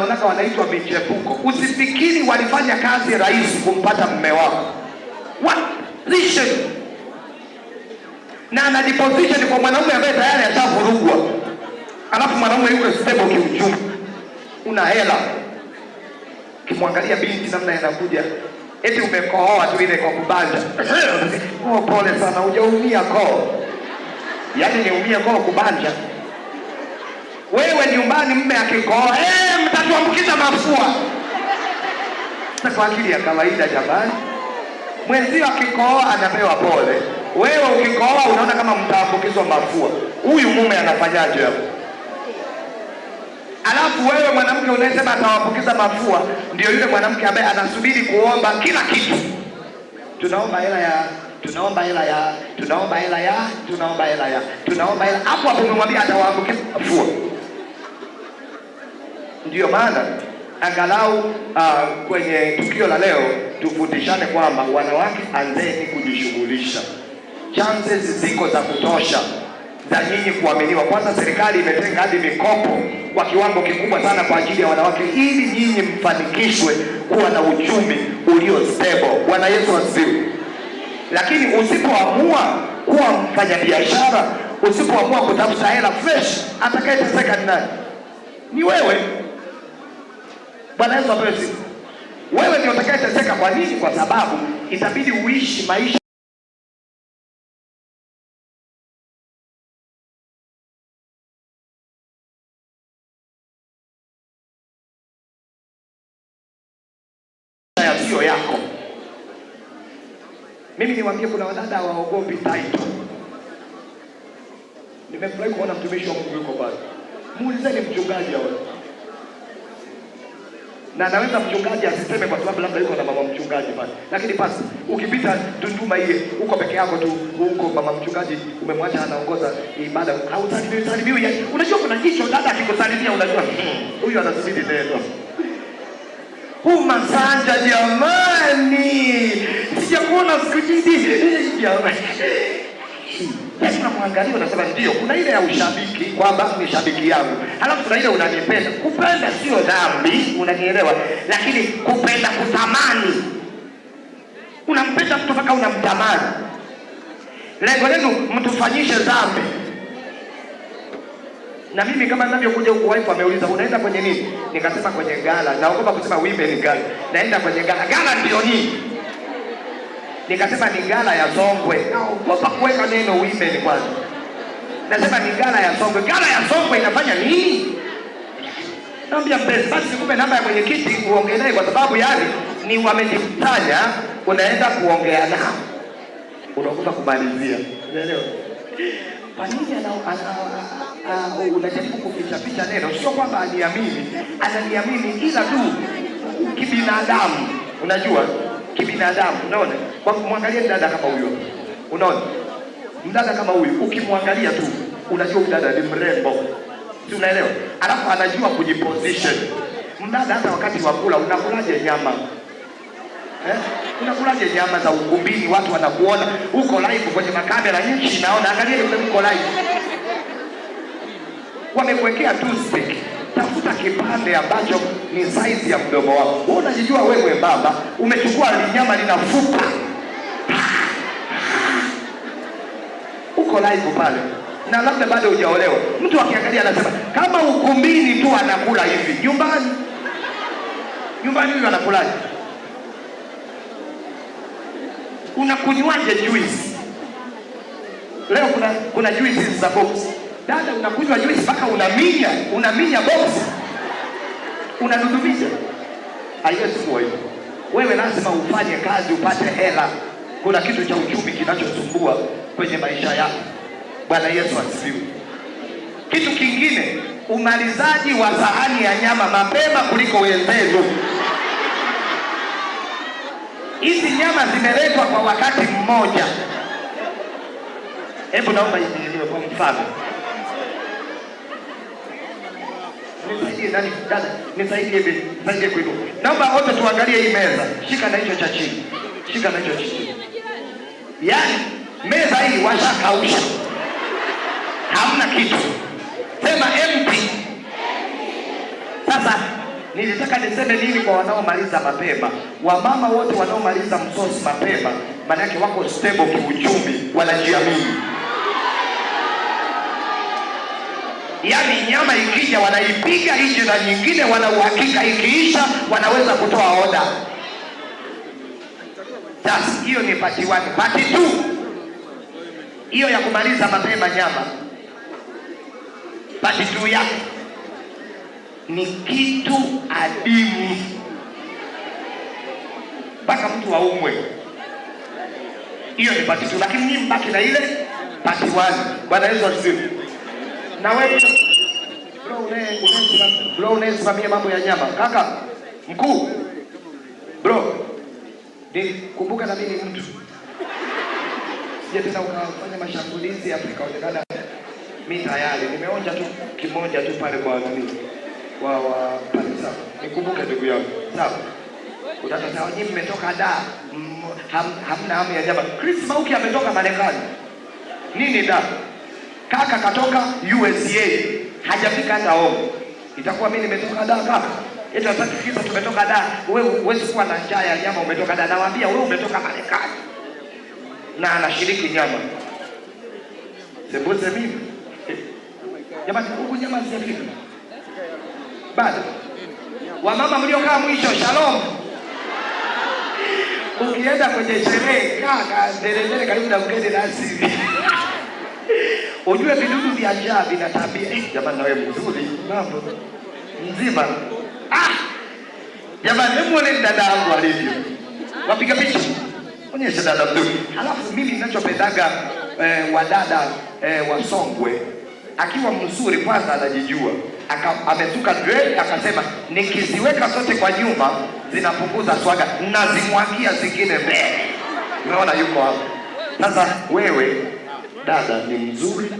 Wanaka wanaitwa michepuko. Usifikiri walifanya kazi rahisi kumpata mme wako. What position? Na ana deposition kwa mwanaume ambaye tayari ashavurugwa, alafu mwanaume yule stable kiuchumi, una hela. Ukimwangalia binti namna inakuja, eti umekohoa tu ile kwa kubanja oh, pole sana, hujaumia koo. Yaani niumia koo kubanja wewe nyumbani mme akikoa hey, eh, mtatuambukiza mafua. Kwa akili ya kawaida jamani, mwenzio akikoa anapewa pole, wewe ukikoa unaona kama mtaambukizwa mafua. Huyu mume anafanyaje hapo? Alafu wewe mwanamke unayesema atawapukiza mafua, ndio yule mwanamke ambaye anasubiri kuomba kila kitu, tunaomba hela ya tunaomba hela ya tunaomba hela ya tunaomba hela ya tunaomba hela. Hapo hapo umemwambia atawaambukiza mafua. Ndiyo maana angalau uh, kwenye tukio la leo tufundishane kwamba wanawake, anzeni kujishughulisha. Chances ziko za kutosha za nyinyi kuaminiwa. Kwanza serikali imetenga hadi mikopo kwa kiwango kikubwa sana kwa ajili ya wanawake, ili nyinyi mfanikishwe kuwa na uchumi ulio stable. Bwana Yesu asifiwe. Lakini usipoamua kuwa mfanyabiashara, usipoamua kutafuta hela fresh, atakayeteseka ni nani? Ni wewe. Bwana Yesu apewe sifa. Wewe ndio utakayeteseka. Kwa nini? Kwa sababu itabidi uishi maisha yako. Mimi niwaambie, kuna wadada waogopi title. Nimefurahi kuona mtumishi wa Mungu yuko pale. Muulizeni mchungaji hapo na naweza mchungaji asiseme kwa sababu labda yuko na mama mchungaji pale, lakini basi ukipita Tunduma ile uko peke yako tu, uko mama mchungaji umemwacha anaongoza ibada, hausalimiwi salimiwi. Unajua kuna jicho dada akikusalimia unajua hmm, huyu anasubiri neno. Umasanja jamani, sijakuona siku nyingi jamani. Basi namwangalia unasema ndio. Kuna ile ya ushabiki kwamba ni shabiki yangu, halafu kuna ile unanipenda. Kupenda sio dhambi, unanielewa, lakini kupenda kutamani, unampenda mtu mpaka unamtamani. Lengo lenu mtufanyishe dhambi. Na mimi kama ninavyokuja huku, wife ameuliza unaenda kwenye nini? Nikasema kwenye gala. Naogopa kusema ni gala, naenda kwenye gala. Gala ndio nini? nikasema ni gala ya Songwe. Kosa kuweka neno ni kwanza, nasema ni gala ya Songwe. Gala ya Songwe inafanya nini? Naambia press basi, kumbe namba ya mwenyekiti uongelee, kwa sababu yani ni wamejitanya, unaenda kuongea nao, unakuta kumalizia, unaelewa? Kwa nini unajaribu kuficha ficha neno? Sio kwamba aniamini, ananiamini, ila tu kibinadamu, unajua kibinadamu, unaona kwa kumwangalia mdada kama huyo, unaona mdada kama huyu ukimwangalia tu unajua mdada ni mrembo, si unaelewa? Alafu anajua kujiposition mdada. Hata wakati wa kula unakulaje nyama eh? Unakulaje nyama za ukumbini, watu wanakuona uko live kwenye makamera, nchi naona, angalia yule mko live, wamekuwekea toothpick. Tafuta kipande ambacho ni size ya mdomo wako. Wewe unajijua wewe baba, umechukua linyama linafupa uko live pale na labda bado hujaolewa, mtu akiangalia anasema kama ukumbini tu anakula hivi, nyumbani nyumbani huyu anakulaje? Unakunywaje juisi Leo kuna kuna hizi za box. Dada, unakunywa juisi mpaka unaminya, unaminya box, unadudumisha. Haiwezi hivyo. Wewe lazima ufanye kazi upate hela. Kuna kitu cha uchumi kinachosumbua kwenye maisha yako. Bwana Yesu asifiwe. Kitu kingine, umalizaji wa sahani ya nyama mapema kuliko wenzetu. Hizi nyama zimeletwa kwa wakati mmoja. Hebu naomba iiiliwe kwa mfano Nisaidie nisaidie kwenu. Naomba wote tuangalie hii meza. Shika na hicho cha chini, shika na hicho cha chini, yaani meza hii washakausha hamna kitu, sema empty. Sasa nilitaka niseme nini kwa wanaomaliza mapema, wamama wote wanaomaliza msosi mapema, maana yake wako stable kiuchumi, wanajiamini. Yaani nyama ikija wanaipiga nje na nyingine, wana uhakika ikiisha wanaweza kutoa oda. Sasa hiyo ni pati 1, pati 2 hiyo ya kumaliza mapema nyama juu yake ni kitu adimu mpaka mtu aumwe. Hiyo ni patitu, lakini ni mbaki na ile pati wazi. Bwana Yesu asifiwe. Na wewe bro, unayesimamia mambo ya nyama, kaka mkuu, bro, kumbuka na mimi mtu usije tena unafanya mashambulizi Afrika ikaonekana mimi tayari nimeonja tu kimoja tu pale kwa nini wa wa pale sawa. Nikumbuke ndugu yangu sawa. sawa, nyinyi mmetoka da mm, ham, hamna hamu ya jaba. Chris Mauki ametoka Marekani nini da kaka katoka USA hajafika hata home. Itakuwa mimi nimetoka da kaka eti kisa tumetoka da wewe, uwezi kuwa na njaa ya nyama. Umetoka da, nawaambia wewe umetoka Marekani na anashiriki nyama. Sembuse mimi jamani, huku nyama zijapikwa bado. Wamama mliokaa mwisho, shalom. Ukienda kwenye sherehe, kaa kandelendele karibu na mgeni rasmi Ujue vidudu vya njaa vina tabia. Jamani, nawe mzuri mambo mzima. Ah, jamani, hebu muone dada alivyo, wapiga picha onyeshe dada blue. Halafu mimi ninachopendaga eh, wadada eh, wasongwe akiwa mzuri kwanza anajijua Aka, amesuka dread akasema, nikiziweka zote kwa nyuma zinapunguza swaga, nazimwagia zingine mbele. Umeona, yuko hapo sasa. Wewe dada ni mzuri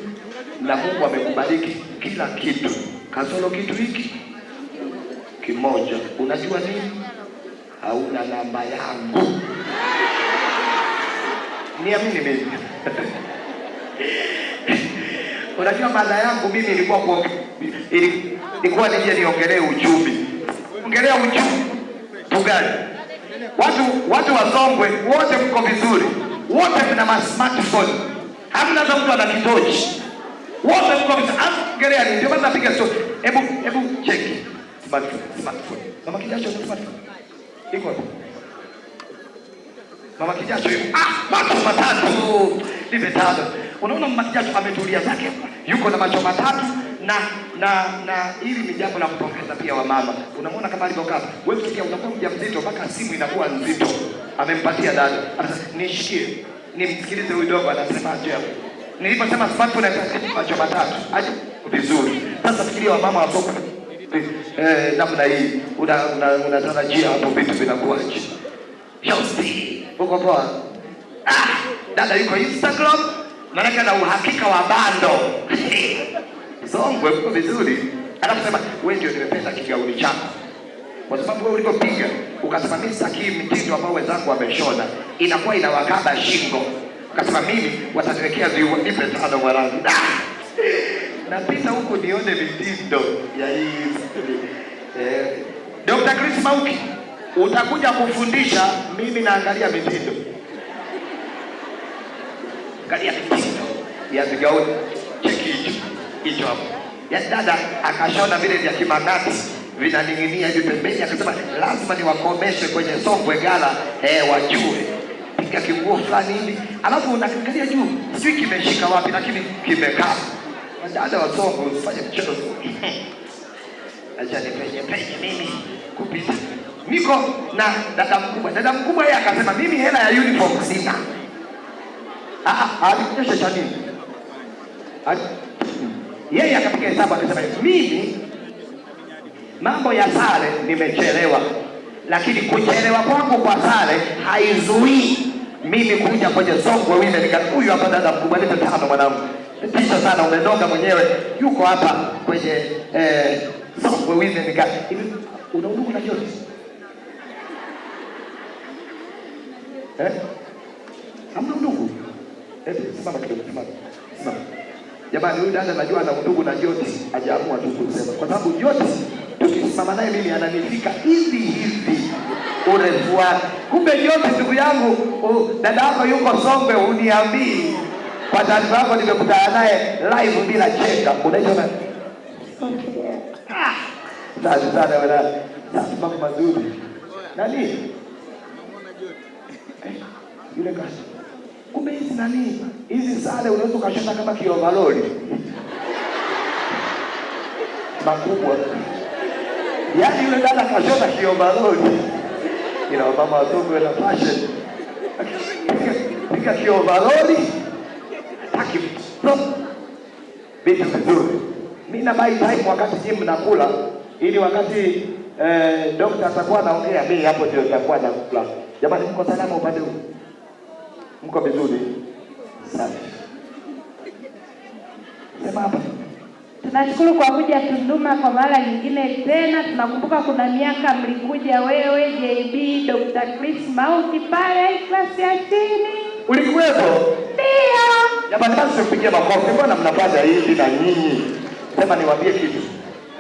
na Mungu amekubariki kila kitu, kasoro kitu hiki kimoja. Unajua nini? Hauna namba yangu ni ya mimi unajua mada yangu mimi ilikuwa kwa ilikuwa nije niongelee uchumi, ongelea uchumi tugani, watu watu wa wasongwe wote, mko vizuri wote, mna ma smartphone, hamna hata mtu ana kitochi, wote mko vizuri, ongelea ndio basi, napiga sio. Hebu hebu cheki smartphone, smartphone mama kijacho smartphone iko Mama kijacho ah, macho matatu ni vitatu. Unaona mama kijacho ametulia zake, yuko na macho matatu na na na, hili ni jambo la kupongeza pia wa mama. Unamwona kama alivyokaa wewe, pia unakuwa mjamzito mpaka simu inakuwa nzito, amempatia dada, anasema nishikie, nimsikilize huyu dogo anasema aje. hapo. Niliposema sababu na macho matatu aje vizuri. Sasa fikiria wa mama hapo eh, namna hii unatarajia una, hapo vitu vinakuwaje? Yosti, uko poa? Ah, dada yuko Instagram, maanake ana uhakika wa bando songwe. Uko vizuri, alafu sema wewe ndio nimependa kigauni chako, kwa sababu wewe ulipopiga ukasema mimi sitaki mtindo ambao wenzangu wameshona, inakuwa inawakaba shingo. Ukasema mimi wataniwekea viu, nipe tano mwanangu. Napita huku nione mitindo ya hii. Eh, Dr. Chris Mauki utakuja kufundisha, mimi naangalia mitindo, angalia mitindo ya vigauni, cheki hicho hicho hapo. Ya dada akashona vile vya kimangati vinaning'inia hivi pembeni, akasema lazima niwakomeshe kwenye Songwe Gala, eh, wajue pika kinguo fulani hivi, alafu unaangalia juu, sijui kimeshika wapi, lakini kimekaa. Dada wa Songwe, usifanye mchezo, acha nipenye penye mimi kupita niko na dada mkubwa. Dada mkubwa yeye akasema mimi hela ya uniform sina. Alikunyesha cha nini? Yeye akapiga hesabu akasema mimi mambo ya sare nimechelewa, lakini kuchelewa kwangu kwa sare haizuii mimi kuja kwenye Songwe wime nika huyu hapa dada mkubwa leta tano mwanangu. Tisha sana umenoga mwenyewe yuko hapa kwenye eh, Songwe wime nika na jozi Eh? Hamna ndugu. Eh, simama kidogo, simama. Simama. Jamani huyu dada najua ana ndugu na Joti, hajaamua tu kusema. Kwa sababu Joti tukisimama naye mimi ananifika hivi hivi urefu wake. Kumbe Joti ndugu yangu, uh, dada yako yuko Songwe uniambii. Kwa taarifa yako nimekutana naye live bila cheka. Unaitwa nani? Ah. Sasa sana wana. Sasa mambo mazuri. Nani? eh, yule kasi. Kumbe hizi nani hizi sare unaweza ukashona kama kiovaloli makubwa, yaani yule dada kashona kiovaloli, ila mama wadogo na fashion pika kiovaloli taki Bitu vizuri. Mimi na my time wakati gym nakula, ili wakati eh, dokta atakuwa anaongea, mi hapo ndio nitakuwa nakula. Jamani, mko salama upande huu? Mko vizuri sana. Sema hapa. Tunashukuru kwa kuja Tunduma kwa mara nyingine tena. Tunakumbuka kuna miaka mlikuja wewe, JB, Dr. Chris Mauti pale klasi ya chini. Ulikuwepo? Ndio. Jamani, basi tupige makofi. Mbona mnapata hivi na nyinyi? Sema niwaambie kitu.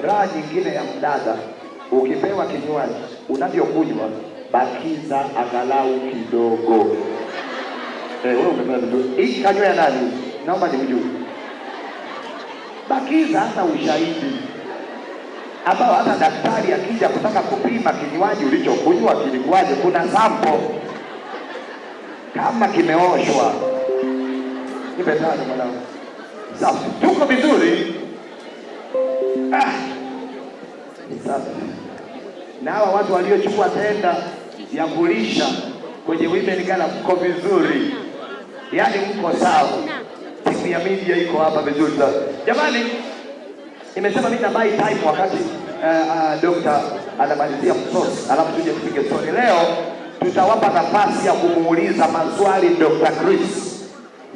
Raha nyingine ya mdada, ukipewa kinywaji unavyokunywa bakiza angalau kidogo. Eh, wewe Hii kanywa ya nani? Naomba nikujue. Bakiza hata ushahidi ambao hata daktari akija kutaka kupima kinywaji ulichokunywa kilikuwaje, kuna sampo kama kimeoshwa. Nimetano mwanangu, safi, tuko vizuri. Ah, safi na hawa watu waliochukua tenda ya kulisha kwenye women gala, mko vizuri, yaani mko sawa. Timu ya media iko hapa vizuri sana jamani. Nimesema mimi na buy time wakati uh, uh, Dr. anamalizia mtoto, alafu tuje tupige story. Leo tutawapa nafasi ya kumuuliza maswali Dr. Chris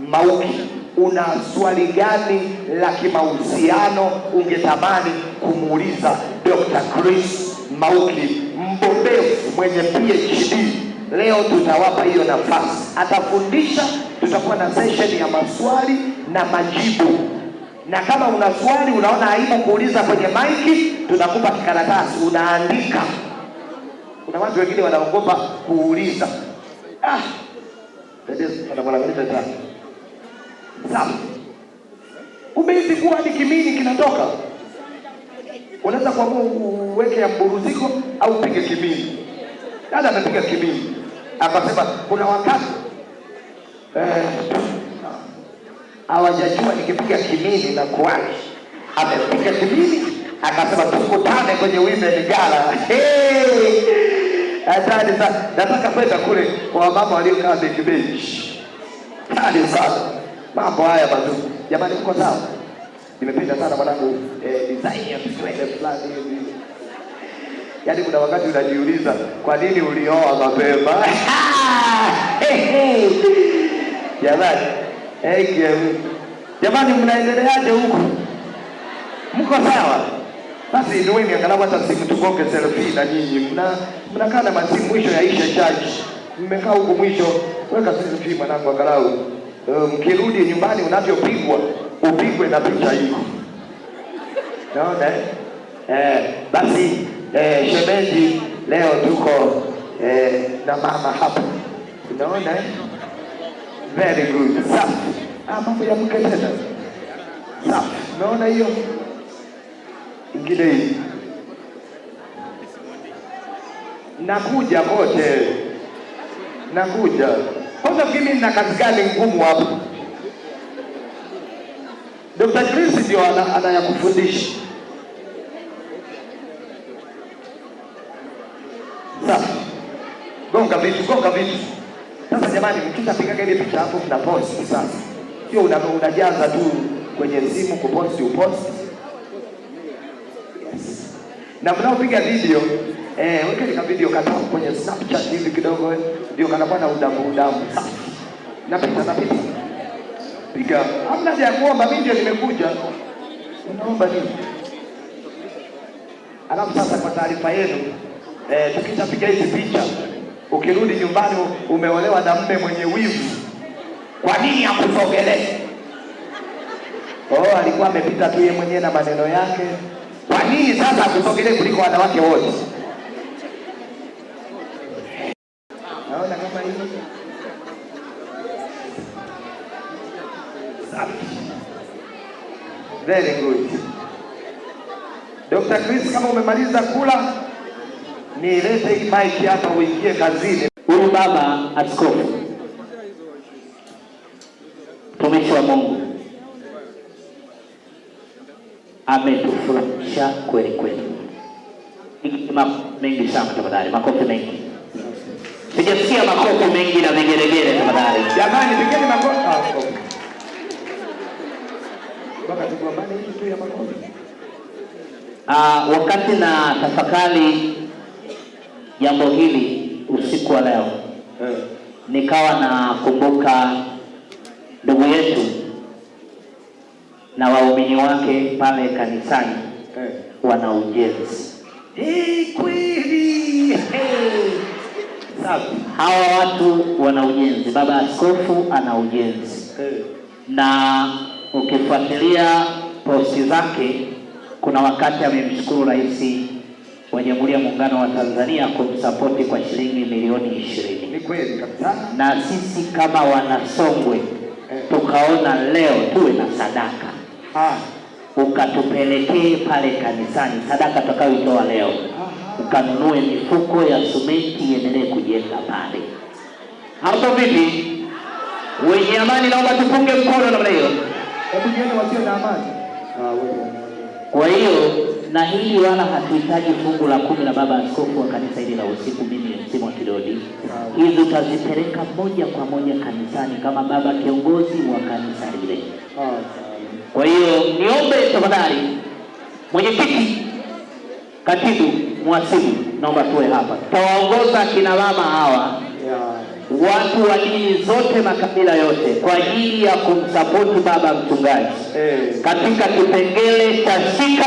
Mauki, una swali gani la kimahusiano ungetamani kumuuliza Dr. Chris Mauki? mbobeu mwenye PhD leo tutawapa hiyo nafasi, atafundisha. Tutakuwa na session ya maswali na majibu, na kama una swali unaona aibu kuuliza kwenye maiki, tunakupa kikaratasi unaandika. Kuna watu wengine wanaogopa kuuliza. Ah, hizi kuwa ni kimini kinatoka Unaweza kuamua uweke ya mburuziko au upige kimini Dada amepiga kimini akasema kuna wakati eh, hawajajua eh, nikipiga kibini na kuwahi. Amepiga kimini akasema tukutane kwenye wime ligala. Hey! Asante sana, nataka kwenda kule kwa wamama waliokaa bekibenchi. Asante sana, mambo haya mazuri jamani, uko sawa? Nimependa sana mwanangu eh, design ya kiswede fulani hivi. Yaani kuna wakati unajiuliza kwa nini ulioa mapema? Jamani, eh, jamani mnaendeleaje huko? Mko sawa? Basi inueni angalau hata simu tukoke selfie na nyinyi. Mna mnakaa na masimu mwisho ya isha Mmekaa huko mwisho, weka selfie mwanangu angalau. Mkirudi um, nyumbani unavyopigwa upigwe na picha hii. Naona eh? eh, basi eh, shemeji, leo tuko eh, na mama hapa, unaona eh? very good. Safi. Ah, mambo ya mke tena safi. Unaona hiyo ingine hii nakuja kote, nakuja kwanza. Mimi nina kazi gani ngumu hapa? Dr. Chris ndio anayakufundisha ana sasa. Gonga vitu, gonga vitu. Sasa jamani, mkishapiga ile picha hapo mna post sasa, sio unajaza tu kwenye simu kuposti uposti. Yes. Na mnaopiga video eh, wekeni ka video kata kwenye Snapchat hivi kidogo, ndio kanakuwa na udamu udamu. Napita napita piga, hamna haja ya kuomba, mimi ndio nimekuja, unaomba nini? Alafu sasa, kwa taarifa yenu eh, tukishapiga hizi picha, ukirudi nyumbani umeolewa na mume mwenye wivu, kwa nini akusogelee? Oh, alikuwa amepita tu yeye mwenyewe na maneno yake. Kwa nini sasa akusogelee kuliko wanawake wote? Naona kama hiyo Very good. Dr. Chris kama umemaliza kula, nilete hii mic hapa uingie kazini. Huyu baba askofu, mtumishi wa Mungu, ametufundisha kweli kweli mengi sana. Tafadhali makofi mengi, sijasikia makofi mengi na vigeregere. Tafadhali jamani, pigeni makofi. Ah, Uh, wakati na tafakari jambo hili usiku wa leo eh. nikawa nakumbuka ndugu yetu na waumini wake pale kanisani eh. wana ujenzi kweli Hawa watu wana ujenzi, baba askofu ana ujenzi eh. na ukifuatilia posti zake, kuna wakati amemshukuru Rais wa Jamhuri ya Muungano wa Tanzania kumsapoti kwa shilingi milioni ishirini. Ni kweli kabisa. Na sisi kama Wanasongwe eh. tukaona leo tuwe na sadaka ah, ukatupelekee pale kanisani sadaka tutakayoitoa leo ukanunue mifuko ya sumenti iendelee kujenga pale hapo. Vipi wenye amani, naomba tupunge mkono namna hiyo. Ah, kwa hiyo na hili wala hatuhitaji fungu la kumi la baba askofu wa kanisa hili la usiku, mimi Simon Kidodi. Ah. Hizi utazipeleka moja kwa moja kanisani kama baba kiongozi wa kanisa lile. Ah. Kwa hiyo niombe tafadhali, mwenyekiti, katibu, mwasibu, naomba tuwe hapa, tutawaongoza kina mama hawa watu wa dini zote, makabila yote, kwa ajili ya kumsapoti baba mchungaji hey. Eh. Katika kipengele cha shika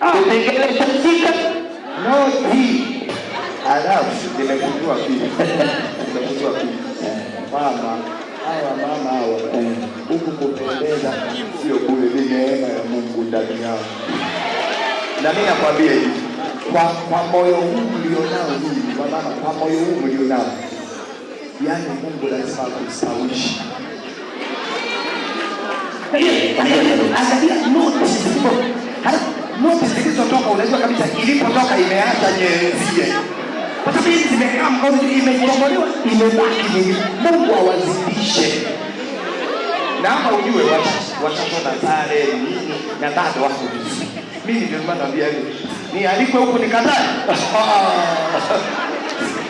ah. Kipengele cha shika noti alafu nimekujua pia nimekujua pia mama hawa mama hawa eh. huku kupendeza sio bure, ni neema ya Mungu ndani yao, na mimi nakwambia hivi kwa kwa moyo huu mlionao ninyi kwa baba, kwa moyo huu mlionao, yaani Mungu lazima akusawishi zilizotoka unajua kabisa ilipotoka imeacha nyezie, kwa sababu hizi zimekaa mkono, imekomolewa, imebaki nini. Mungu awazidishe, na hapa ujue watashona sare nini, na bado wako vizuri. Mimi ndio maana naambia hivi nialikwe huku nikatae.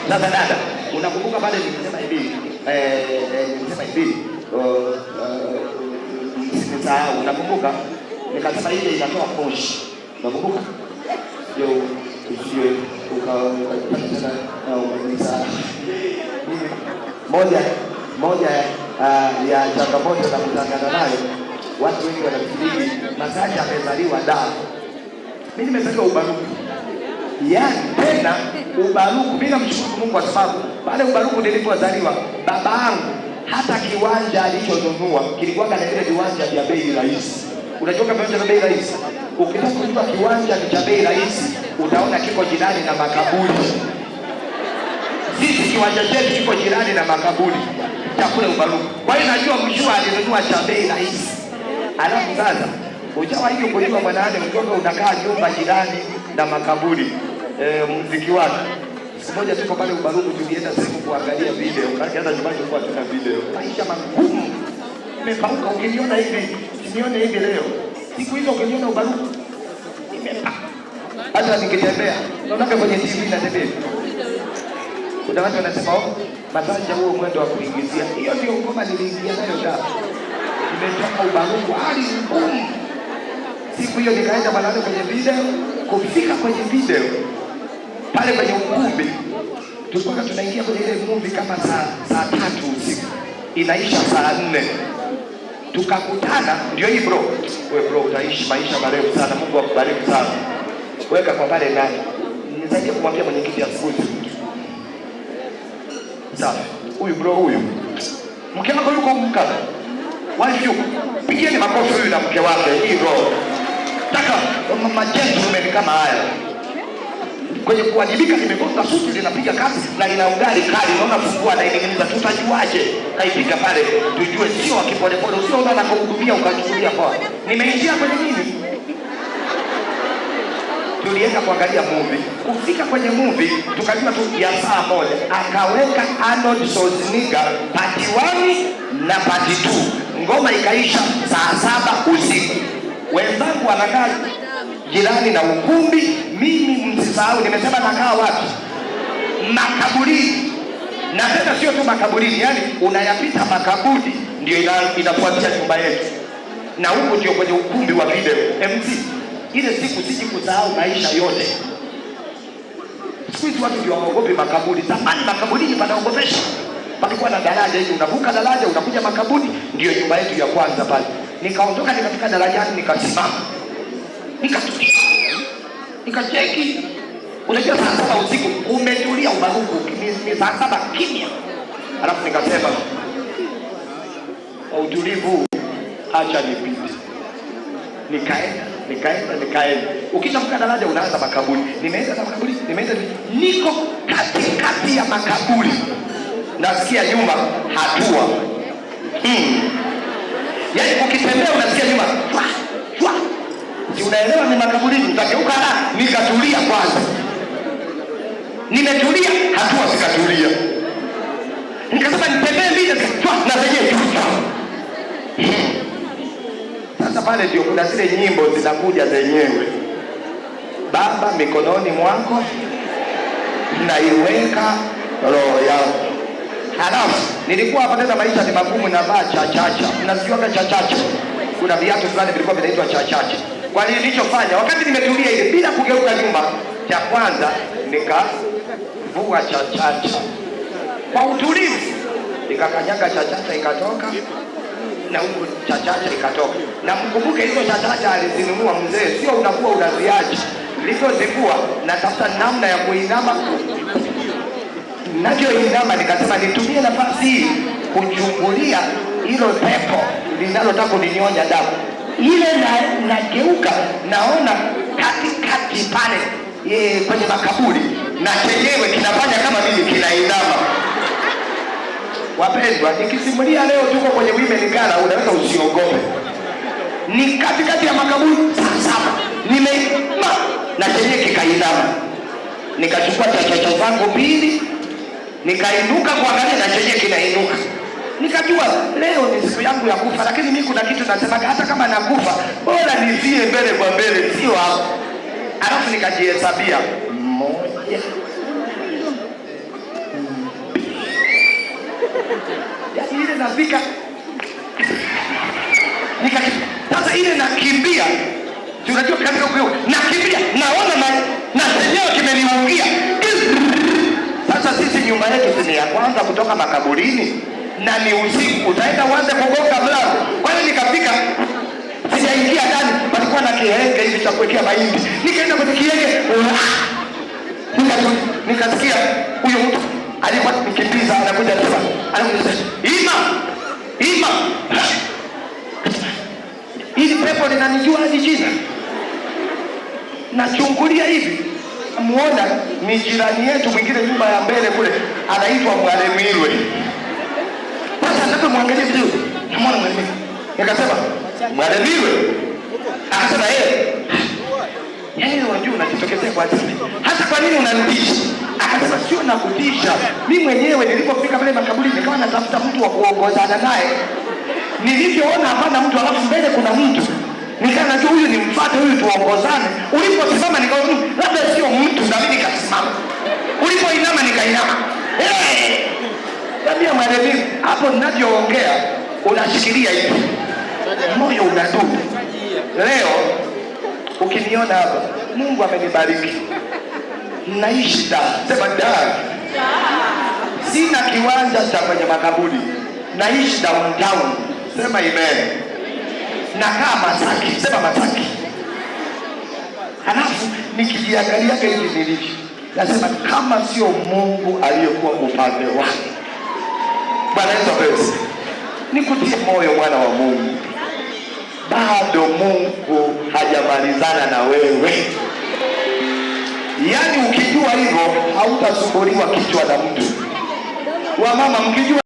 Sasa dada, unakumbuka pale nilisema hivi eh, eh nilisema hivi oh, eh, sikusahau, unakumbuka? Nikasema ile inatoa moshi, unakumbuka? Ndio usije ukapata moja moja ah, ya changamoto za kutangana nayo, watu wengi wanafikiri Masaji amezaliwa damu mimi nimepewa ubaruku, yaani tena ubaruku. Mimi namshukuru Mungu kwa sababu baada ya ubaruku nilipozaliwa baba yangu hata kiwanja alichonunua kilikuwa kana vile viwanja vya bei rahisi. Unajua kama viwanja vya bei rahisi, ukitaka kujua kiwanja cha bei rahisi utaona kiko jirani na makaburi. Sisi kiwanja chetu kiko jirani na makaburi cha kule Ubaruku. Kwa hiyo najua mshua alinunua cha bei rahisi, alafu sasa Ushawahi kujua mwanaane utoka unakaa nyumba jirani na makaburi e, mziki wake. Siku moja tuko pale Ubaruku tulienda sehemu kuangalia video, kati hata nyumbani kwa tuna video. Maisha magumu. Nimepauka ukiniona hivi, nione hivi leo. Siku hizo ukiniona Ubaruku. Nimepauka. Hata nikitembea, naonaka kwenye TV natembea. Kuna watu wanasema oh, Masanja huo mwendo wa kuingizia. Hiyo ndio ngoma niliingia nayo da. Nimetoka Ubaruku hali ngumu. Siku hiyo nikaenda malale kwenye video, kufika kwenye video pale kwenye ukumbi, tulikuwa tunaingia kwenye ile movie kama saa saa tatu usiku inaisha saa nne tukakutana. Ndio hii bro, wewe bro, utaishi maisha marefu sana, Mungu akubariki sana, weka kwa pale ndani. Nisaidie kumwambia mwenyekiti asikute. Sawa, huyu bro, huyu mke wako yuko mkaza, wife yuko, pigieni makofi huyu na mke wake, hii bro nataka majenzi kama haya kwenye kuwajibika. Nimekosa suti linapiga kazi na ina ugali kali, kufua na naining'iniza, tutajuaje? Kaipiga pale tujue, sio wakipolepole, usioona nakuhudumia ukachukulia poa. Nimeingia kwenye nini? Tulienda kuangalia muvi, kufika kwenye muvi tukajua tu ya saa moja, akaweka Arnold Schwarzenegger pati wani na pati tu, ngoma ikaisha saa saba usiku wenzangu wanakaa jirani na ukumbi, mimi msisahau, nimesema nakaa wapi? Makaburini. Na tena sio tu makaburini, yani unayapita makaburi ndio inafuatia nyumba yetu, na huku ndio kwenye ukumbi wa video MC. Ile siku siji kusahau maisha yote. Siku hizi watu ndio waogopi makaburi. Zamani makaburini panaogopesha, palikuwa na daraja hivi, unavuka daraja unakuja makaburi, ndio nyumba yetu ya kwanza pale nikaondoka, nikafika darajani, nikasimama, nikatulia, nikacheki. Unajua, saa saba usiku umetulia, ubarugu ni saa saba kimya, alafu nikasema kwa utulivu, acha nipite. Nikaenda, nikaenda, nikaenda. Ukishavuka daraja unaanza makaburi. Nimeenda na makaburi, nimeenda niko katikati ya makaburi, nasikia nyuma hatua hmm yaani ukitembea unasikia nyuma, unaelewa ni makaburini, utageuka na ah, nikatulia kwanza, nimetulia hatua zikatulia, nikasema nitembee mbili na zenyewe tu. Sasa pale ndio kuna zile nyimbo zinakuja zenyewe, Baba mikononi mwako naiweka roho yangu Halafu nilikuwa hapa naweza maisha ni magumu na baa chachacha. Mnasijua cha chachacha. Kuna viatu fulani vilikuwa vinaitwa chachacha. Kwa nini nilichofanya wakati nimetulia ile bila kugeuka nyuma, cha kwanza nikavua chachacha. Kwa utulivu nikakanyaga chachacha ikatoka na huko chachacha ikatoka. Na mkumbuke hizo chachacha alizinunua mzee, sio unakuwa unaziacha. na natafuta namna ya kuinama navyoinama nikasema nitumie nafasi hii kuchungulia hilo pepo linalotaka kuninyonya damu ile, na nageuka naona katikati pale e, kwenye makaburi na chenyewe kinafanya kama mimi kinainama. Wapendwa, nikisimulia leo, tuko kwenye wime gala, unaweza usiogope. Ni katikati ya makaburi saa saba nimeima na chenyewe kikainama, nikachukua chachacha zangu mbili nikainuka kuangalia na chenye kinainuka, nikajua leo ni siku yangu ya kufa. Lakini mimi kuna kitu nasema, hata kama nakufa bora nizie mbele kwa mbele, sio hapo. Alafu nikajihesabia mmoja hmm. yaani ile nafika nika sasa ile nakimbia, unajua katika nakimbia, naona na na chenyewe kimeniungia sasa sisi nyumba yetu ni ya kwanza kutoka makaburini na ni usiku, utaenda uanze kugonga mlango. Kwa hiyo nikafika, sijaingia ndani, palikuwa na kihenge hivi cha kuwekea mahindi, nikaenda kwenye kihenge, nikasikia huyo mtu alikuwa nikimbiza, anakuja sasa, anakuja ima ima, hili pepo linanijua hadi jina, nachungulia hivi muona ni jirani yetu mwingine, nyumba ya mbele kule, anaitwa mwalemilwe Sasa ninapomwangalia vizuri, namwona Mwalemirwe, nikasema Mwalemirwe, akasema eh. yeye yaani yeye, wajua unajitokezea kwa ajili hasa. Kwa nini unanitisha? Akasema sio nakutisha, mi mwenyewe nilipofika pale makaburi nikawa natafuta mtu wa kuongozana naye, nilivyoona hapana mtu, alafu mbele kuna mtu nikaa tu huyu mfate huyu tuongozane. Uliposimama nikaona hmm, labda sio mtu Daudi kasimama. Ulipoinama nikainama. Eh! Tabia marevi hapo ninavyoongea unashikilia hivi. Moyo unatupa. Leo ukiniona hapa Mungu amenibariki. Naishi da, sema Sina kiwanja cha kwenye makaburi. Naishi downtown. Sema imeni nakaa Mataki, sema Mataki. Halafu nikijiangalia hivi nilivyo, nasema kama sio Mungu aliyekuwa upande wangu. Bwana Yesu asifiwe. Nikutie moyo mwana wa Mungu, bado Mungu hajamalizana na wewe. Yaani ukijua hivyo hautasumbuliwa kichwa na mtu. Wamama mkijua